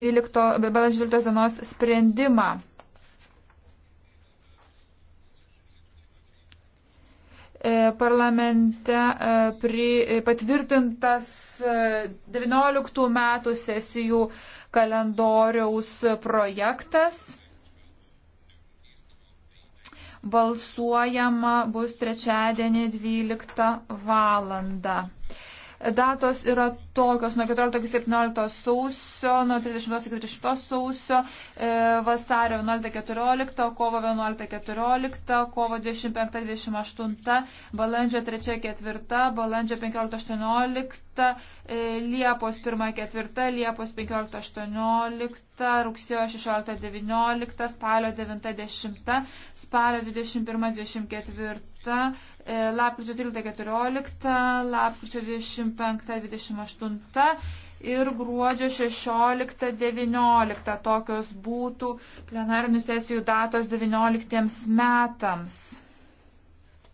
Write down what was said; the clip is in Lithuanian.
balandžio 12 dienos sprendimą. E, parlamente e, pri, e, patvirtintas 19 metų sesijų kalendoriaus projektas. Balsuojama bus trečiadienį 12 valandą. Datos yra tokios nuo 14 iki 17 sausio, nuo 30 iki 30 sausio, e, vasario 11-14, kovo 11-14, kovo 25-28, balandžio 3-4, balandžio 15-18, e, liepos 1-4, liepos 15-18, rugsėjo 16-19, spalio 9-10, spalio 21-24 skirta e, lapkričio 13-14, lapkričio 25-28 ir gruodžio 16-19. Tokios būtų plenarinių sesijų datos 19 metams.